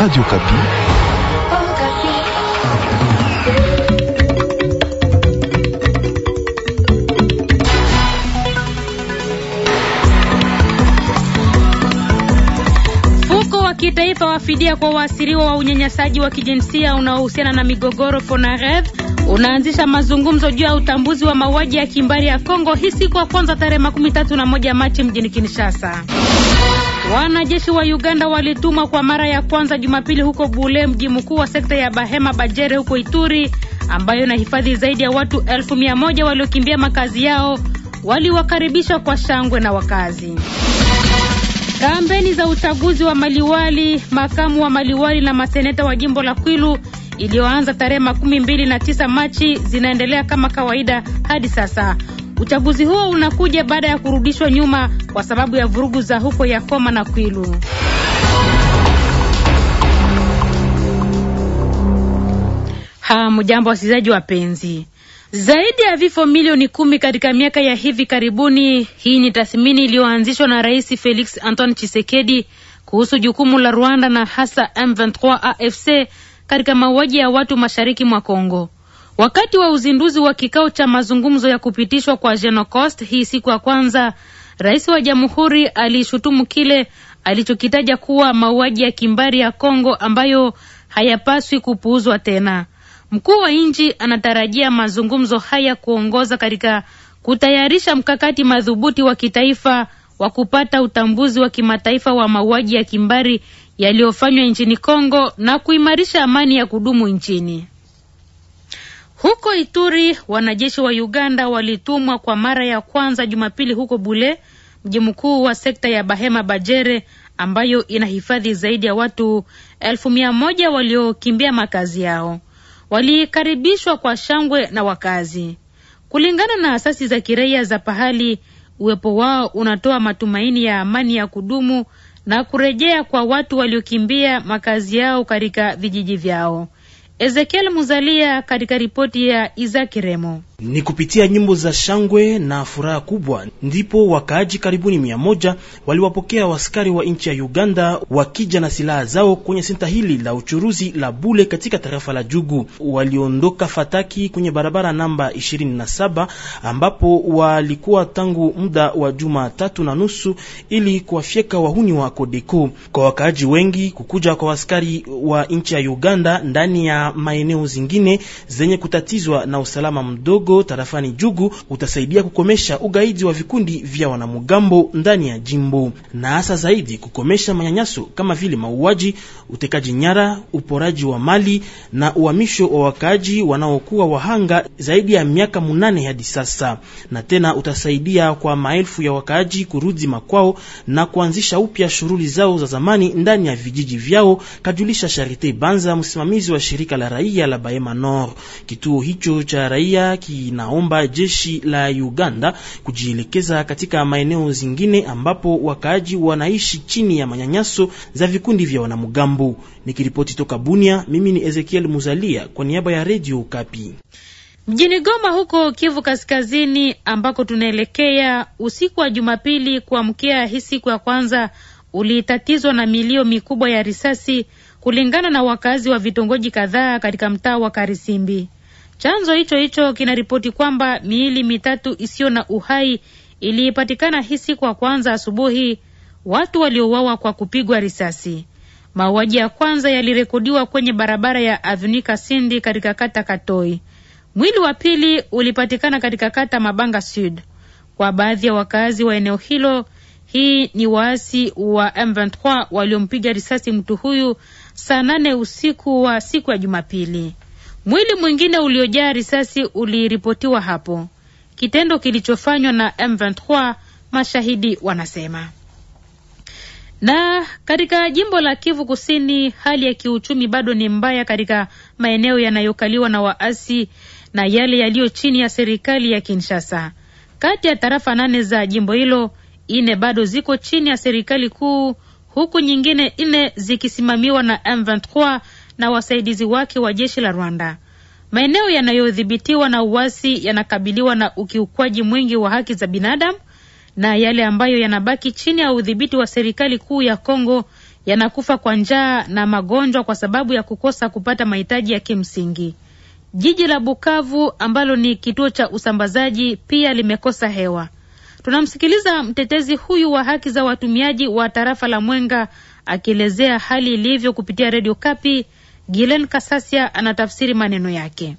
Radio Kapi. Mfuko wa kitaifa wafidia kwa waasiriwa wa unyanyasaji wa kijinsia unaohusiana na migogoro Fonarev unaanzisha mazungumzo juu ya utambuzi wa mauaji ya kimbari ya Kongo hii siku ya kwanza tarehe makumi na Machi mjini Kinshasa. Wanajeshi wa Uganda walitumwa kwa mara ya kwanza Jumapili huko Bule, mji mkuu wa sekta ya Bahema Bajere huko Ituri, ambayo inahifadhi zaidi ya watu elfu mia moja waliokimbia makazi yao. Waliwakaribishwa kwa shangwe na wakazi. Kampeni za uchaguzi wa maliwali, makamu wa maliwali na maseneta wa jimbo la Kwilu iliyoanza tarehe makumi mbili na tisa Machi zinaendelea kama kawaida hadi sasa. Uchaguzi huo unakuja baada ya kurudishwa nyuma kwa sababu ya vurugu za huko Yakoma na Kwilu. mjambo wasikilizaji wapenzi. Zaidi ya vifo milioni kumi katika miaka ya hivi karibuni. Hii ni tathmini iliyoanzishwa na Rais Felix Antoine Tshisekedi kuhusu jukumu la Rwanda na hasa M23 AFC katika mauaji ya watu mashariki mwa Kongo. Wakati wa uzinduzi wa kikao cha mazungumzo ya kupitishwa kwa Genocost hii siku ya kwanza, rais wa jamhuri alishutumu kile alichokitaja kuwa mauaji ya kimbari ya Kongo ambayo hayapaswi kupuuzwa tena. Mkuu wa nchi anatarajia mazungumzo haya kuongoza katika kutayarisha mkakati madhubuti wa kitaifa wa kupata utambuzi wa kimataifa wa mauaji ya kimbari yaliyofanywa nchini Kongo na kuimarisha amani ya kudumu nchini. Huko Ituri, wanajeshi wa Uganda walitumwa kwa mara ya kwanza Jumapili huko Bule, mji mkuu wa sekta ya Bahema Bajere ambayo inahifadhi zaidi ya watu elfu mia moja waliokimbia makazi yao. Walikaribishwa kwa shangwe na wakazi. Kulingana na asasi za kiraia za pahali, uwepo wao unatoa matumaini ya amani ya kudumu na kurejea kwa watu waliokimbia makazi yao katika vijiji vyao. Ezekiel Muzalia katika ripoti ya Izaki Remo. Ni kupitia nyimbo za shangwe na furaha kubwa ndipo wakaaji karibuni mia moja waliwapokea waskari wa nchi ya Uganda wakija na silaha zao kwenye senta hili la uchuruzi la Bule katika tarafa la Jugu. Waliondoka Fataki kwenye barabara namba 27 ambapo walikuwa tangu muda wa juma tatu na nusu ili kuwafyeka wahuni wa Kodeko. Kwa wakaaji wengi, kukuja kwa waskari wa nchi ya Uganda ndani ya maeneo zingine zenye kutatizwa na usalama mdogo Kidogo tarafani Jugu utasaidia kukomesha ugaidi wa vikundi vya wanamugambo ndani ya jimbo na hasa zaidi kukomesha manyanyaso kama vile mauaji, utekaji nyara, uporaji wa mali na uhamisho wa wakaaji wanaokuwa wahanga zaidi ya miaka munane hadi sasa, na tena utasaidia kwa maelfu ya wakaaji kurudi makwao na kuanzisha upya shughuli zao za zamani ndani ya vijiji vyao, kajulisha Charite Banza, msimamizi wa shirika la raia la Bahema Nord. Kituo hicho cha raia ki inaomba jeshi la Uganda kujielekeza katika maeneo zingine ambapo wakaaji wanaishi chini ya manyanyaso za vikundi vya wanamgambo. Nikiripoti toka Bunia, mimi ni Ezekiel Muzalia kwa niaba ya Redio Kapi. Mjini Goma huko Kivu Kaskazini ambako tunaelekea, usiku wa Jumapili kuamkia hii siku ya kwanza ulitatizwa na milio mikubwa ya risasi kulingana na wakazi wa vitongoji kadhaa katika mtaa wa Karisimbi. Chanzo hicho hicho kinaripoti kwamba miili mitatu isiyo na uhai iliipatikana hii siku ya kwanza asubuhi, watu waliouawa kwa kupigwa risasi. Mauaji ya kwanza yalirekodiwa kwenye barabara ya Avenue sindi katika kata Katoi. Mwili wa pili ulipatikana katika kata Mabanga Sud. Kwa baadhi ya wakazi wa eneo hilo, hii ni waasi wa M23 waliompiga risasi mtu huyu saa nane usiku wa siku ya Jumapili. Mwili mwingine uliojaa risasi uliripotiwa hapo, kitendo kilichofanywa na M23, mashahidi wanasema. Na katika jimbo la Kivu Kusini, hali ya kiuchumi bado ni mbaya katika maeneo yanayokaliwa na waasi na yale yaliyo chini ya serikali ya Kinshasa. Kati ya tarafa nane za jimbo hilo, ine bado ziko chini ya serikali kuu, huku nyingine nne zikisimamiwa na M23 na wasaidizi wake wa jeshi la Rwanda. Maeneo yanayodhibitiwa na uasi yanakabiliwa na ukiukwaji mwingi wa haki za binadamu, na yale ambayo yanabaki chini ya udhibiti wa serikali kuu ya Kongo yanakufa kwa njaa na magonjwa kwa sababu ya kukosa kupata mahitaji ya kimsingi. Jiji la Bukavu ambalo ni kituo cha usambazaji pia limekosa hewa. Tunamsikiliza mtetezi huyu wa haki za watumiaji wa tarafa la Mwenga akielezea hali ilivyo kupitia redio Kapi Gilen Kasasia anatafsiri maneno yake.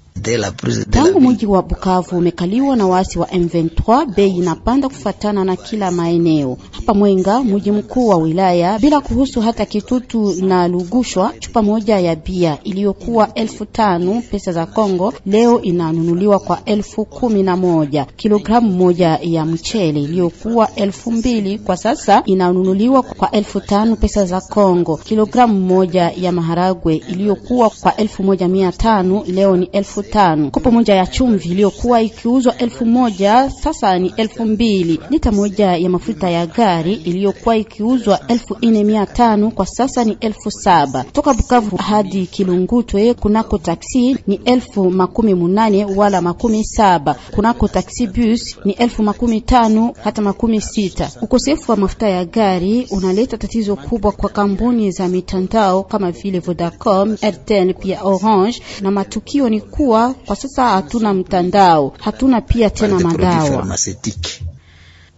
Tangu mji wa Bukavu umekaliwa na waasi wa M23, bei inapanda kufatana na kila maeneo. Hapa Mwenga, mji mkuu wa wilaya, bila kuhusu hata kitutu na lugushwa, chupa moja ya bia iliyokuwa elfu tano pesa za Kongo leo inanunuliwa kwa elfu kumi na moja. Kilogramu moja ya mchele iliyokuwa elfu mbili kwa sasa inanunuliwa kwa elfu tano pesa za Kongo. Kilogramu moja ya maharagwe iliyokuwa kwa elfu moja mia tano leo ni elfu tano tano. Kopo moja ya chumvi iliyokuwa ikiuzwa elfu moja sasa ni elfu mbili. Lita moja ya mafuta ya gari iliyokuwa ikiuzwa elfu nne mia tano kwa sasa ni elfu saba. Toka Bukavu hadi Kilungutwe kunako taksi ni elfu makumi munane wala makumi saba. Kunako taksi bus ni elfu makumi tano hata makumi sita. Ukosefu wa mafuta ya gari unaleta tatizo kubwa kwa kampuni za mitandao kama vile Vodacom, Airtel pia Orange, na matukio ni kuwa kwa sasa hatuna mtandao, hatuna pia tena madawa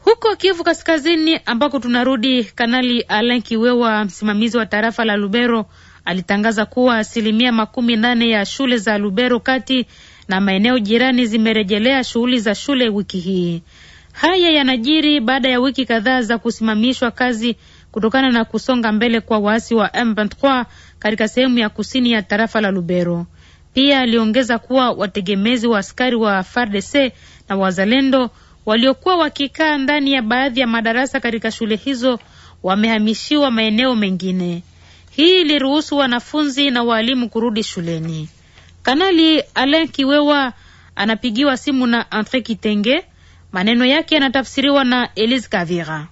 huko Kivu Kaskazini ambako tunarudi. Kanali Alain Kiwewa, msimamizi wa tarafa la Lubero, alitangaza kuwa asilimia makumi nane ya shule za Lubero kati na maeneo jirani zimerejelea shughuli za shule wiki hii. Haya yanajiri baada ya wiki kadhaa za kusimamishwa kazi kutokana na kusonga mbele kwa waasi wa M23 katika sehemu ya kusini ya tarafa la Lubero. Pia aliongeza kuwa wategemezi wa askari wa FARDC na wazalendo waliokuwa wakikaa ndani ya baadhi ya madarasa katika shule hizo wamehamishiwa maeneo mengine. Hii iliruhusu wanafunzi na waalimu kurudi shuleni. Kanali Alain Kiwewa anapigiwa simu na Andre Kitenge Maneno yake yanatafsiriwa na Elise Kavira.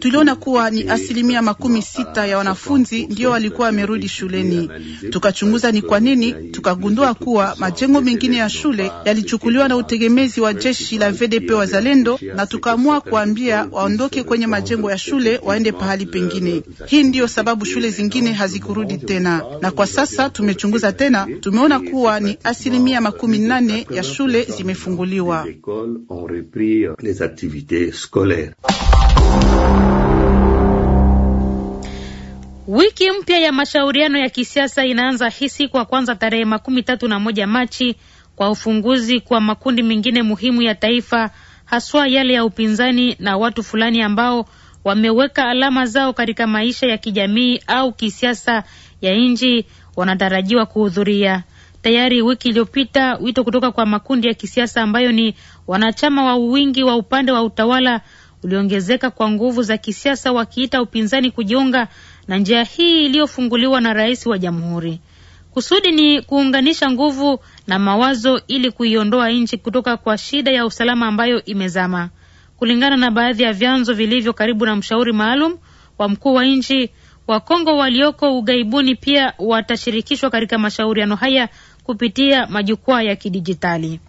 Tuliona kuwa ni asilimia makumi sita ya wanafunzi ndiyo walikuwa wamerudi shuleni. Tukachunguza ni kwa nini, tukagundua kuwa majengo mengine ya shule yalichukuliwa na utegemezi wa jeshi la VDP Wazalendo, na tukaamua kuambia waondoke kwenye majengo ya shule waende pahali pengine. Hii ndiyo sababu shule zingine hazikurudi tena, na kwa sasa tumechunguza tena, tumeona kuwa ni asilimia makumi nane ya shule zimefunguliwa. Euh, Wiki mpya ya mashauriano ya kisiasa inaanza hisi kwa kwanza tarehe makumi tatu na moja Machi kwa ufunguzi kwa makundi mengine muhimu ya taifa, haswa yale ya upinzani na watu fulani ambao wameweka alama zao katika maisha ya kijamii au kisiasa ya nchi wanatarajiwa kuhudhuria. Tayari wiki iliyopita wito kutoka kwa makundi ya kisiasa ambayo ni wanachama wa wingi wa upande wa utawala uliongezeka kwa nguvu za kisiasa, wakiita upinzani kujiunga na njia hii iliyofunguliwa na rais wa jamhuri. Kusudi ni kuunganisha nguvu na mawazo ili kuiondoa nchi kutoka kwa shida ya usalama ambayo imezama. Kulingana na baadhi ya vyanzo vilivyo karibu na mshauri maalum wa mkuu wa nchi, Wakongo walioko ughaibuni pia watashirikishwa katika mashauriano haya kupitia majukwaa ya kidijitali.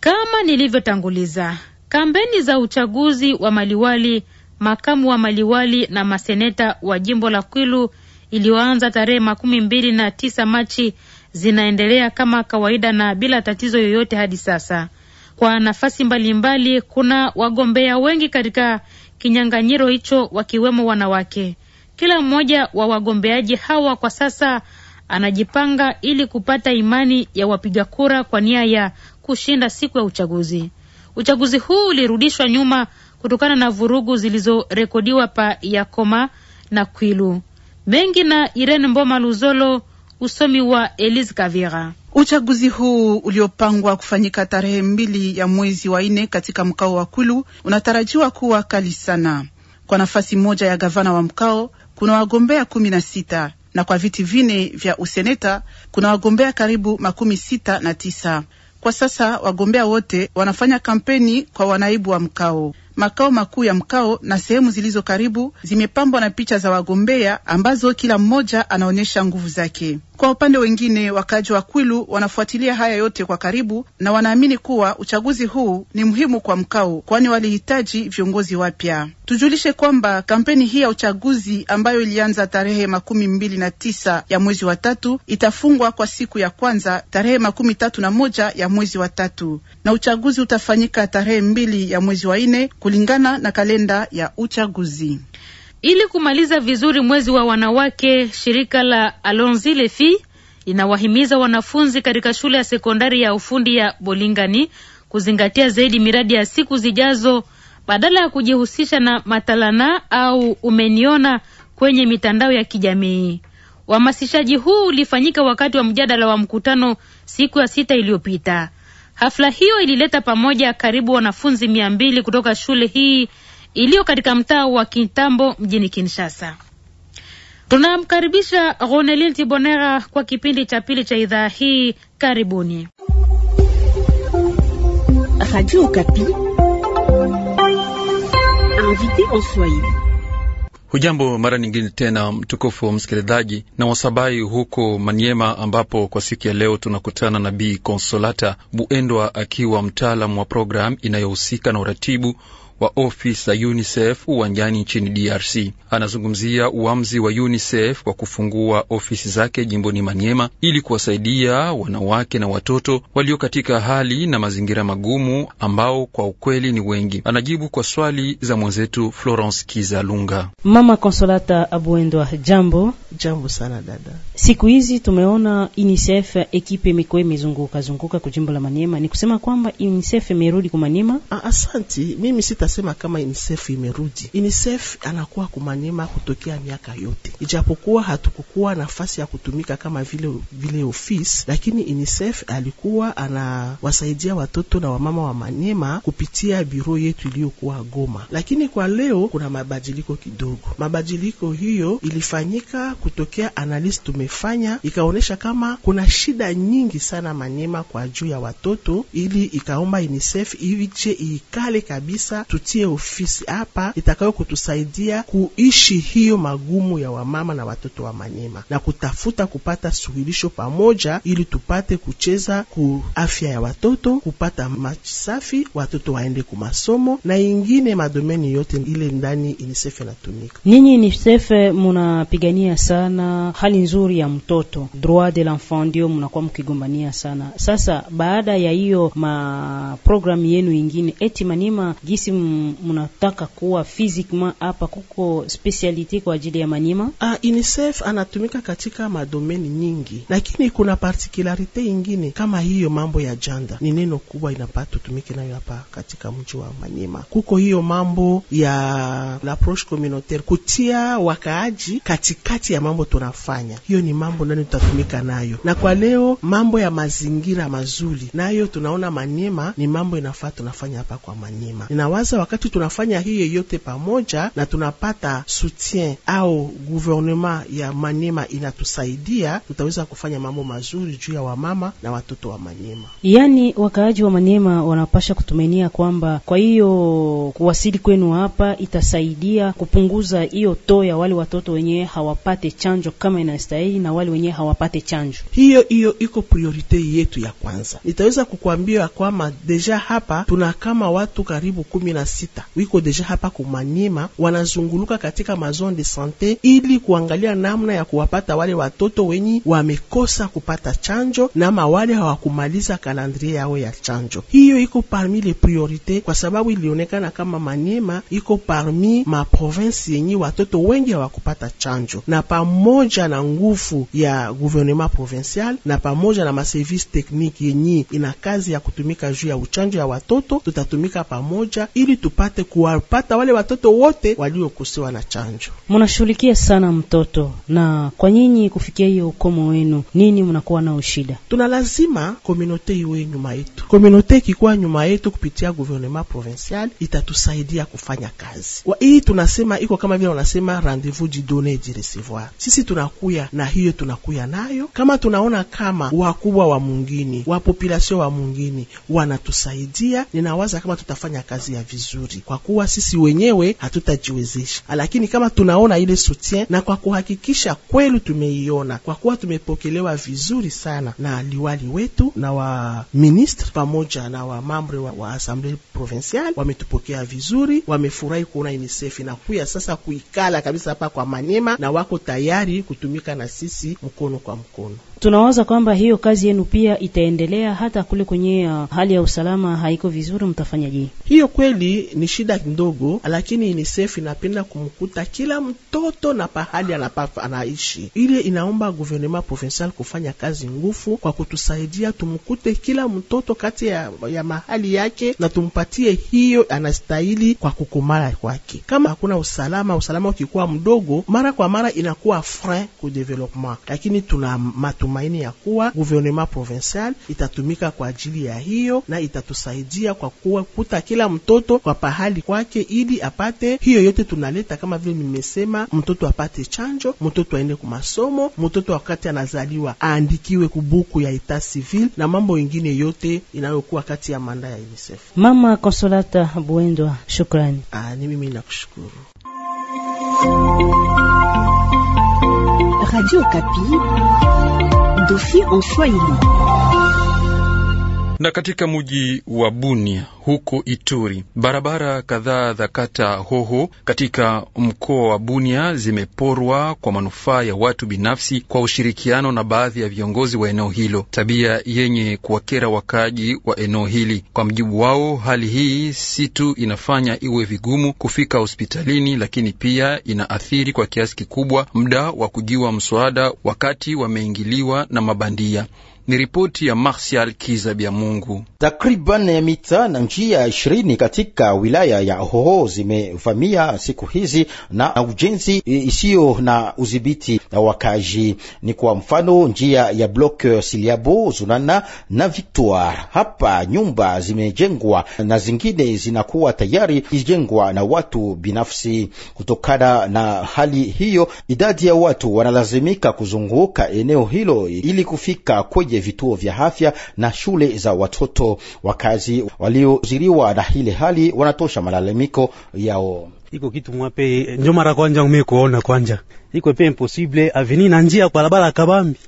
Kama nilivyotanguliza, kampeni za uchaguzi wa maliwali, makamu wa maliwali na maseneta wa jimbo la Kwilu iliyoanza tarehe makumi mbili na tisa Machi zinaendelea kama kawaida na bila tatizo yoyote hadi sasa. Kwa nafasi mbalimbali mbali, kuna wagombea wengi katika kinyang'anyiro hicho wakiwemo wanawake. Kila mmoja wa wagombeaji hawa kwa sasa anajipanga ili kupata imani ya wapiga kura kwa nia ya kushinda siku ya uchaguzi. Uchaguzi huu ulirudishwa nyuma kutokana na vurugu zilizorekodiwa pa Yakoma na Kwilu. Mengi na Irene Mboma Luzolo, usomi wa Elise Kavira. Uchaguzi huu uliopangwa kufanyika tarehe mbili ya mwezi wa nne katika mkao wa Kwilu unatarajiwa kuwa kali sana. Kwa nafasi moja ya gavana wa mkao, kuna wagombea kumi na sita na kwa viti vine vya useneta kuna wagombea karibu makumi sita na tisa. Kwa sasa wagombea wote wanafanya kampeni kwa wanaibu wa mkao. Makao makuu ya mkao na sehemu zilizo karibu zimepambwa na picha za wagombea ambazo kila mmoja anaonyesha nguvu zake. Kwa upande wengine, wakaaji wa Kwilu wanafuatilia haya yote kwa karibu na wanaamini kuwa uchaguzi huu ni muhimu kwa mkao, kwani walihitaji viongozi wapya. Tujulishe kwamba kampeni hii ya uchaguzi ambayo ilianza tarehe makumi mbili na tisa ya mwezi wa tatu itafungwa kwa siku ya kwanza tarehe makumi tatu na moja ya mwezi wa tatu na uchaguzi utafanyika tarehe mbili ya mwezi wa nne kulingana na kalenda ya uchaguzi. Ili kumaliza vizuri mwezi wa wanawake, shirika la Alonzi Lefi inawahimiza wanafunzi katika shule ya sekondari ya ufundi ya Bolingani kuzingatia zaidi miradi ya siku zijazo badala ya kujihusisha na matalana au umeniona kwenye mitandao ya kijamii. Uhamasishaji huu ulifanyika wakati wa mjadala wa mkutano siku ya sita iliyopita. Hafla hiyo ilileta pamoja karibu wanafunzi mia mbili kutoka shule hii iliyo katika mtaa wa Kitambo mjini Kinshasa. Tunamkaribisha Ronelin Tibonera kwa kipindi cha pili cha idhaa hii. Karibuni Hujambo mara nyingine tena, mtukufu msikilizaji na wasabai huko Maniema, ambapo kwa siku ya leo tunakutana na Bi Konsolata Buendwa akiwa mtaalamu wa programu inayohusika na uratibu wa ofisi za UNICEF uwanjani nchini DRC. Anazungumzia uamuzi wa UNICEF kwa kufungua ofisi zake jimboni Maniema ili kuwasaidia wanawake na watoto walio katika hali na mazingira magumu ambao kwa ukweli ni wengi. Anajibu kwa swali za mwenzetu Florence Kizalunga. Mama Konsolata Abuendwa, jambo. Jambo sana dada. Siku hizi tumeona UNICEF ekipe imekuwa imezunguka zunguka kujimbo la Maniema, ni kusema kwamba UNICEF imerudi kwa Maniema. Ah, asanti, mimi sita tutasema kama UNICEF imerudi. UNICEF anakuwa kumanyema kutokea miaka yote, ijapokuwa hatukukuwa nafasi ya kutumika kama vile vile ofisi, lakini UNICEF alikuwa anawasaidia watoto na wamama wa Manyema kupitia biro yetu iliyokuwa Goma. Lakini kwa leo kuna mabadiliko kidogo. Mabadiliko hiyo ilifanyika kutokea analisi tumefanya, ikaonyesha kama kuna shida nyingi sana Manyema kwa juu ya watoto, ili ikaomba UNICEF iwiche iikale kabisa tutie ofisi hapa itakayo kutusaidia kuishi hiyo magumu ya wamama na watoto wa Manyema na kutafuta kupata suluhisho pamoja, ili tupate kucheza ku afya ya watoto, kupata maji safi, watoto waende ku masomo na ingine madomeni yote ile ndani UNICEF inatumika. Nyinyi UNICEF munapigania sana hali nzuri ya mtoto, droit de l'enfant, ndio mnakuwa mkigombania sana. Sasa baada ya hiyo ma program yenu ingine eti Manyema gisi mnataka kuwa physiquement hapa, kuko speciality kwa ajili ya Manyema? Ah, UNICEF anatumika katika madomeni nyingi, lakini kuna particularité ingine kama hiyo mambo ya janda, ni neno kubwa inapata tutumike nayo hapa katika mji wa Manyema. Kuko hiyo mambo ya l'approche communautaire, kutia wakaaji katikati ya mambo tunafanya, hiyo ni mambo ndani tutatumika nayo, na kwa leo mambo ya mazingira mazuri nayo tunaona Manyema ni mambo inafaa tunafanya hapa kwa Manyema ninawaza sasa wakati tunafanya hiyo yote pamoja na tunapata soutien au guvernema ya Manyema inatusaidia, tutaweza kufanya mambo mazuri juu ya wamama na watoto wa Manyema. Yani wakaaji wa Manyema wanapasha kutumainia kwamba kwa hiyo kuwasili kwenu hapa itasaidia kupunguza hiyo to ya wale watoto wenyewe hawapate chanjo kama inastahili na wale wenyewe hawapate chanjo. Hiyo hiyo iko priorite yetu ya kwanza. Nitaweza kukuambia kwamba deja hapa tuna kama watu karibu kumi na sita wiko deja hapa kumanyema, wanazunguluka katika mazone de sante ili kuangalia namna ya kuwapata wale watoto wenyi wamekosa kupata chanjo nama mawale hawakumaliza kalandrie yao ya chanjo. Hiyo iko parmi le priorite, kwa sababu ilionekana kama manyema iko parmi maprovinsi yenye watoto wengi hawakupata chanjo, na pamoja na nguvu ya gouvernement provincial na pamoja na maservice tekniki yenye ina kazi ya kutumika juu ya uchanjo ya watoto, tutatumika pamoja ili ili tupate kuwapata wale watoto wote waliokosewa na chanjo. Mnashughulikia sana mtoto, na kwa nyinyi kufikia hiyo ukomo wenu, nini mnakuwa nao shida? Tuna lazima komunote iwe nyuma yetu. Komunote ikikuwa nyuma yetu kupitia gouvernement provincial itatusaidia kufanya kazi kwa hii. Tunasema iko kama vile wanasema rendez-vous du donner du recevoir. Sisi tunakuya na hiyo, tunakuya nayo kama tunaona kama wakubwa wa mungini wa population wa mungini wanatusaidia, ninawaza kama tutafanya kazi ya vizu vizuri, kwa kuwa sisi wenyewe hatutajiwezesha. Lakini kama tunaona ile soutien na kwa kuhakikisha kwelu tumeiona, kwa kuwa tumepokelewa vizuri sana na liwali wetu na wa ministre pamoja na wa mambre wa, wa assemblée provinciale, wametupokea vizuri, wamefurahi kuona UNICEF kuya sasa kuikala kabisa hapa kwa Manyema, na wako tayari kutumika na sisi mkono kwa mkono tunawaza kwamba hiyo kazi yenu pia itaendelea hata kule kwenye uh, hali ya usalama haiko vizuri, mtafanyaje? Hiyo kweli ni shida ndogo, lakini UNICEF inapenda kumkuta kila mtoto na pahali anapafa anaishi. Ile inaomba guvernema provincial kufanya kazi ngufu kwa kutusaidia tumkute kila mtoto kati ya, ya mahali yake na tumpatie hiyo anastahili kwa kukomala kwake. Kama hakuna usalama, usalama ukikuwa mdogo mara kwa mara inakuwa frein ku development, lakini tuna matuma matumaini ya kuwa guvernema provincial itatumika kwa ajili ya hiyo na itatusaidia kwa kuwa kuta kila mtoto kwa pahali kwake, ili apate hiyo yote tunaleta kama vile nimesema, mtoto apate chanjo, mtoto aende ku masomo, mtoto wakati anazaliwa aandikiwe kubuku ya eta civil na mambo mengine yote inayokuwa kati ya manda ya UNICEF. Mama Konsolata Bwendwa, shukrani. Ah, ni mimi nakushukuru. Radio capille dossier en lui Na katika mji wa Bunia huko Ituri, barabara kadhaa za kata Hoho katika mkoa wa Bunia zimeporwa kwa manufaa ya watu binafsi kwa ushirikiano na baadhi ya viongozi wa eneo hilo, tabia yenye kuwakera wakaaji wa eneo hili. Kwa mjibu wao, hali hii si tu inafanya iwe vigumu kufika hospitalini, lakini pia inaathiri kwa kiasi kikubwa muda wa kujiwa mswada wakati wameingiliwa na mabandia. Ni ripoti ya Martial Kizabia Mungu. Takriban ya mita na njia ishirini katika wilaya ya Hoho zimevamia siku hizi na ujenzi isiyo na udhibiti na wakaji. Ni kwa mfano njia ya Blok Siliabo, Zunana na Victoire. Hapa nyumba zimejengwa na zingine zinakuwa tayari ijengwa na watu binafsi. Kutokana na hali hiyo, idadi ya watu wanalazimika kuzunguka eneo hilo ili kufika kwenye pamoja vituo vya afya na shule za watoto. Wakazi walioziriwa na hile hali wanatosha malalamiko yao. Iko kitu mwape njo mara kwanja umekuona kwanja iko pe impossible aveni na njia kwa barabara kabambi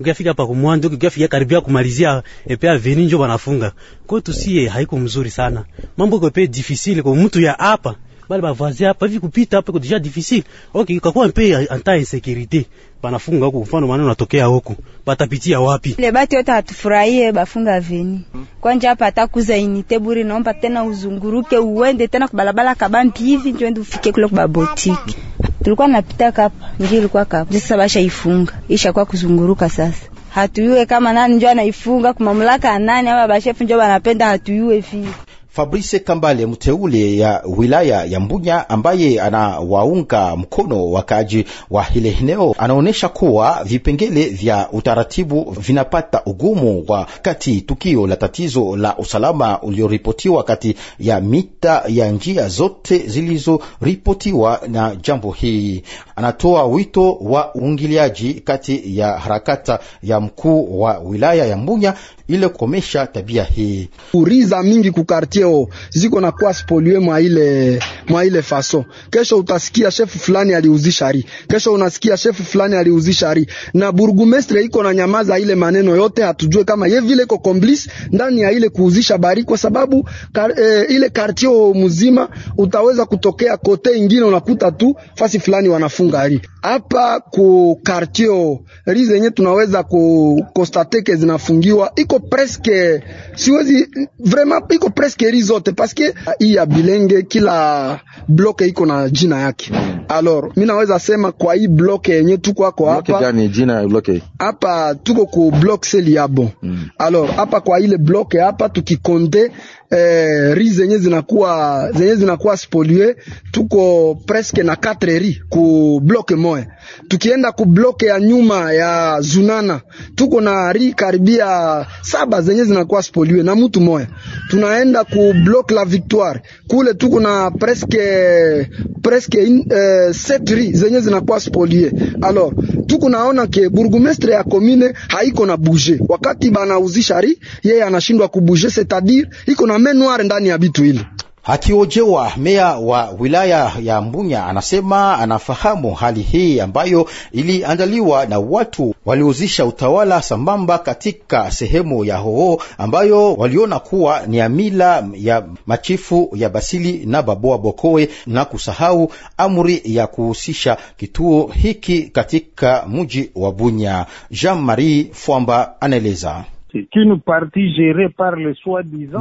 ukifika hapa kumwanzo ukifika karibia kumalizia epe aveni njo banafunga kwa tusie haiko mzuri sana mambo iko pe difficile kwa mtu ya hapa bale bavazi hapa hivi kupita hapa deja difficile. Okay, kakuwa mpe anta insecurite banafunga huko, mfano maana unatokea huko, batapitia wapi? Ile bati yote hatufurahie, bafunga veni kwanja hapa atakuza inite buri. Naomba tena uzunguruke uende tena kubalabala kabambi hivi ndio ufike kule kwa botiki. Tulikuwa napita kapa, ndio ilikuwa kapa, sasa basha ifunga isha kwa kuzunguruka sasa hatuyue kama nani njo anaifunga kumamlaka nani, ama bashefu njo banapenda hatuyue vile Fabrice Kambale, mteule ya wilaya ya Mbunya, ambaye anawaunga mkono wakaaji wa hile eneo, anaonyesha kuwa vipengele vya utaratibu vinapata ugumu wa kati tukio la tatizo la usalama ulioripotiwa kati ya mita ya njia zote zilizoripotiwa na jambo hii. Anatoa wito wa uingiliaji kati ya harakata ya mkuu wa wilaya ya Mbunya ile kukomesha tabia hii. Uriza mingi kukartieo ziko na kwa spoliwe mwa ile mwa ile faso. Kesho utasikia shefu fulani aliuzisha ri, kesho unasikia shefu fulani aliuzisha ri, na burgumestre iko na nyamaza ile maneno yote, hatujue kama ye vile iko complice ndani ya ile kuuzisha bari, kwa sababu kar, e, eh, ile kartio mzima utaweza kutokea kote ingine, unakuta tu fasi fulani wanafunga ri hapa ku kartio ri zenye tunaweza ku konstateke zinafungiwa iko iko preske siwezi vraiment iko presque ri zote paske ah, hii ya bilenge kila bloke iko na jina yake. Alors mimi naweza sema kwa hii bloke yenye tuko hako hapa gani, jina ya bloke hapa tuko ku block seli yabo mm. Alors hapa kwa ile bloke hapa tukikonde eh, ri zenye zinakuwa zenye zinakuwa spolier, tuko presque na 4 ri ku block moya. Tukienda ku block ya nyuma ya Zunana, tuko na ri karibia saba zenye zinakuwa spolier na mtu moya. Tunaenda ku block la Victoire, kule tuko na presque presque in, eh, sept ri zenye zinakuwa spolier. Alors tuko naona ke burgomestre ya commune haiko na bouger, wakati banauzisha ri yeye anashindwa kubouger, c'est-à-dire iko na main noire ndani ya bitu hili. Akiojewa meya wa wilaya ya Mbunya anasema anafahamu hali hii ambayo iliandaliwa na watu waliozisha utawala sambamba katika sehemu ya hoho ambayo waliona kuwa ni ya mila ya machifu ya Basili na Baboa Bokoe na kusahau amri ya kuhusisha kituo hiki katika mji wa Bunya. Jean Marie Fwamba anaeleza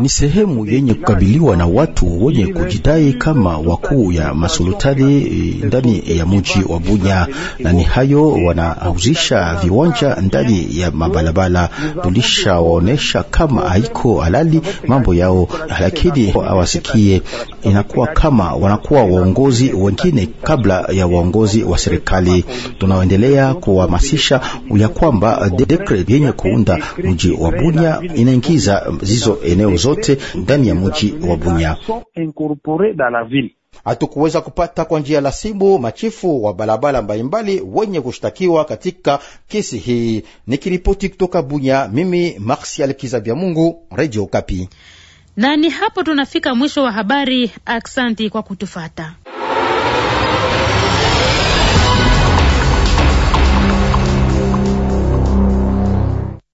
ni sehemu yenye kukabiliwa na watu wenye kujidai kama wakuu ya masultani ndani ya mji wa Bunya, na ni hayo wanahuzisha viwanja ndani ya mabalabala. Tulishawaonesha kama haiko halali mambo yao, lakini awasikie Inakuwa kama wanakuwa waongozi wengine kabla ya waongozi wa serikali. Tunaendelea kuhamasisha ya kwamba dekret yenye kuunda mji wa Bunya inaingiza zizo eneo zote ndani ya mji wa Bunya. Hatukuweza kupata kwa njia la simu machifu wa barabara mbalimbali wenye kushtakiwa katika kesi hii. Nikiripoti kutoka Bunya, mimi Marsial Kizabia Mungu, Radio Kapi. Na ni hapo tunafika mwisho wa habari. Aksanti kwa kutufata.